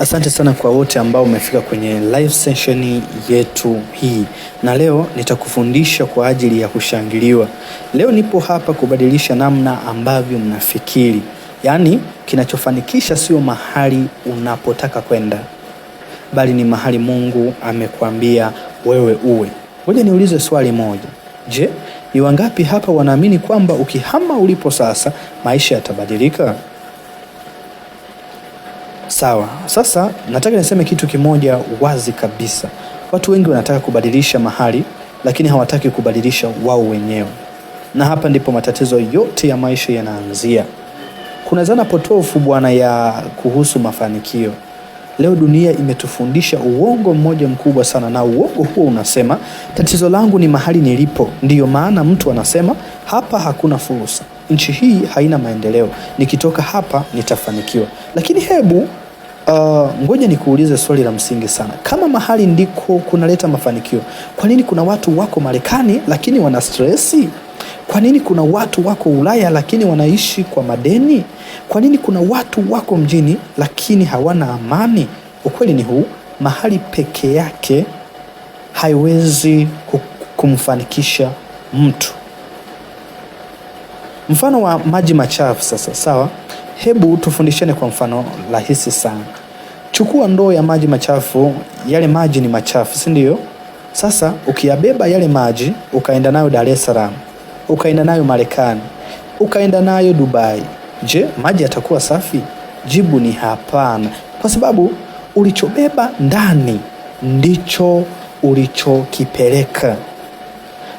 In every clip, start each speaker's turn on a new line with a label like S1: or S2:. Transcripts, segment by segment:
S1: Asante sana kwa wote ambao umefika kwenye live session yetu hii, na leo nitakufundisha kwa ajili ya kushangiliwa. Leo nipo hapa kubadilisha namna ambavyo mnafikiri, yaani kinachofanikisha sio mahali unapotaka kwenda, bali ni mahali Mungu amekwambia wewe uwe. Ngoja niulize swali moja. Je, ni wangapi hapa wanaamini kwamba ukihama ulipo sasa maisha yatabadilika? Sawa, sasa nataka niseme kitu kimoja wazi kabisa. Watu wengi wanataka kubadilisha mahali, lakini hawataki kubadilisha wao wenyewe, na hapa ndipo matatizo yote ya maisha yanaanzia. Kuna zana potofu bwana ya kuhusu mafanikio. Leo dunia imetufundisha uongo mmoja mkubwa sana, na uongo huo unasema tatizo langu ni mahali nilipo. Ndiyo maana mtu anasema hapa hakuna fursa, nchi hii haina maendeleo, nikitoka hapa nitafanikiwa. Lakini hebu Uh, ngoja ni nikuulize swali la msingi sana. Kama mahali ndiko kunaleta mafanikio, kwa nini kuna watu wako Marekani lakini wana stresi? Kwa nini kuna watu wako Ulaya lakini wanaishi kwa madeni? Kwa nini kuna watu wako mjini lakini hawana amani? Ukweli ni huu, mahali peke yake haiwezi kumfanikisha mtu. Mfano wa maji machafu sasa, sawa? Hebu tufundishane kwa mfano rahisi sana. Chukua ndoo ya maji machafu, yale maji ni machafu, si ndio? Sasa ukiyabeba yale maji ukaenda nayo Dar es Salaam, ukaenda nayo Marekani, ukaenda nayo Dubai, je, maji yatakuwa safi? Jibu ni hapana, kwa sababu ulichobeba ndani ndicho ulichokipeleka.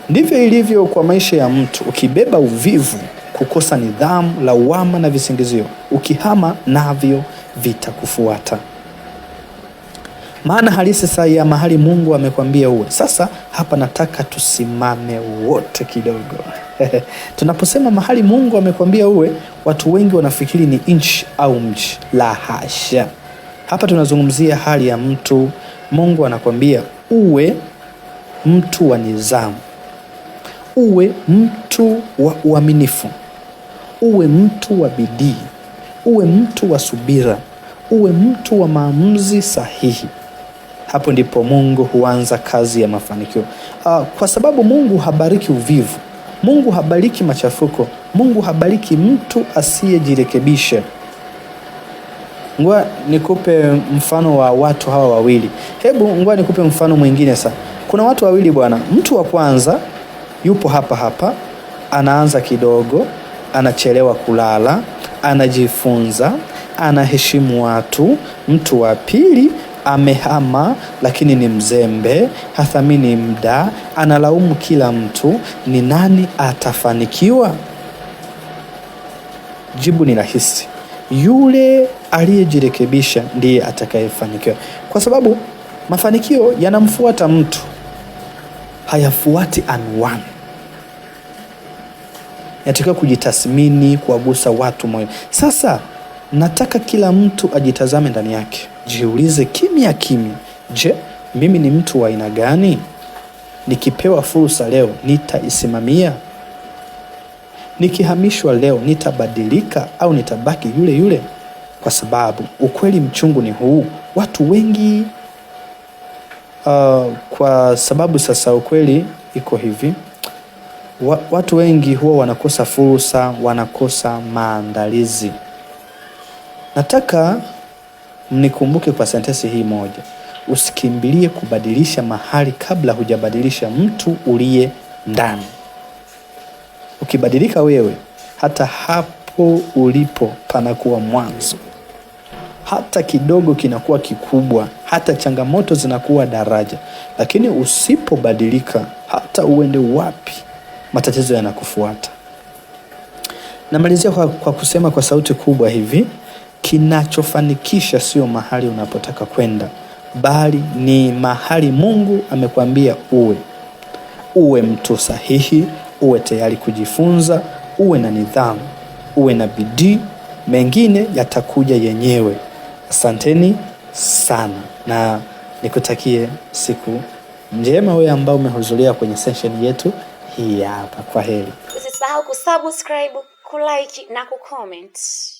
S1: Ndivyo ilivyo kwa maisha ya mtu. Ukibeba uvivu, kukosa nidhamu, lawama na visingizio, ukihama navyo vitakufuata. Maana halisi saa ya mahali Mungu amekwambia uwe. Sasa hapa nataka tusimame wote kidogo. Tunaposema mahali Mungu amekwambia uwe, watu wengi wanafikiri ni nchi au mji. La hasha, hapa tunazungumzia hali ya mtu. Mungu anakwambia uwe mtu wa nidhamu, uwe mtu wa uaminifu, uwe mtu wa bidii, uwe mtu wa subira, uwe mtu wa maamuzi sahihi. Hapo ndipo Mungu huanza kazi ya mafanikio. Uh, kwa sababu Mungu habariki uvivu, Mungu habariki machafuko, Mungu habariki mtu asiyejirekebisha. Ngoja nikupe mfano wa watu hawa wawili. Hebu ngoja nikupe mfano mwingine sasa. Kuna watu wawili bwana, mtu wa kwanza yupo hapa hapa, anaanza kidogo, anachelewa kulala, anajifunza, anaheshimu watu. Mtu wa pili amehama lakini ni mzembe, hathamini muda, analaumu kila mtu. Ni nani atafanikiwa? Jibu ni rahisi, yule aliyejirekebisha ndiye atakayefanikiwa, kwa sababu mafanikio yanamfuata mtu, hayafuati anwani yatakiwa kujitathmini, kuwagusa watu moyo. Sasa nataka kila mtu ajitazame ndani yake, jiulize kimya kimya, je, mimi ni mtu wa aina gani? Nikipewa fursa leo nitaisimamia? Nikihamishwa leo nitabadilika au nitabaki yule yule? Kwa sababu ukweli mchungu ni huu, watu wengi uh, kwa sababu sasa ukweli iko hivi wa, watu wengi huwa wanakosa fursa, wanakosa maandalizi. Nataka mnikumbuke kwa sentensi hii moja, usikimbilie kubadilisha mahali kabla hujabadilisha mtu uliye ndani. Ukibadilika wewe, hata hapo ulipo panakuwa mwanzo, hata kidogo kinakuwa kikubwa, hata changamoto zinakuwa daraja. Lakini usipobadilika, hata uende wapi matatizo yanakufuata. Namalizia kwa, kwa kusema kwa sauti kubwa hivi, kinachofanikisha sio mahali unapotaka kwenda, bali ni mahali Mungu amekwambia uwe. Uwe mtu sahihi, uwe tayari kujifunza, uwe na nidhamu, uwe na bidii, mengine yatakuja yenyewe. Asanteni sana na nikutakie siku njema, wewe ambao umehudhuria kwenye session yetu hii hapa. Kwa heri, usisahau kusubscribe, kulike na kucomment.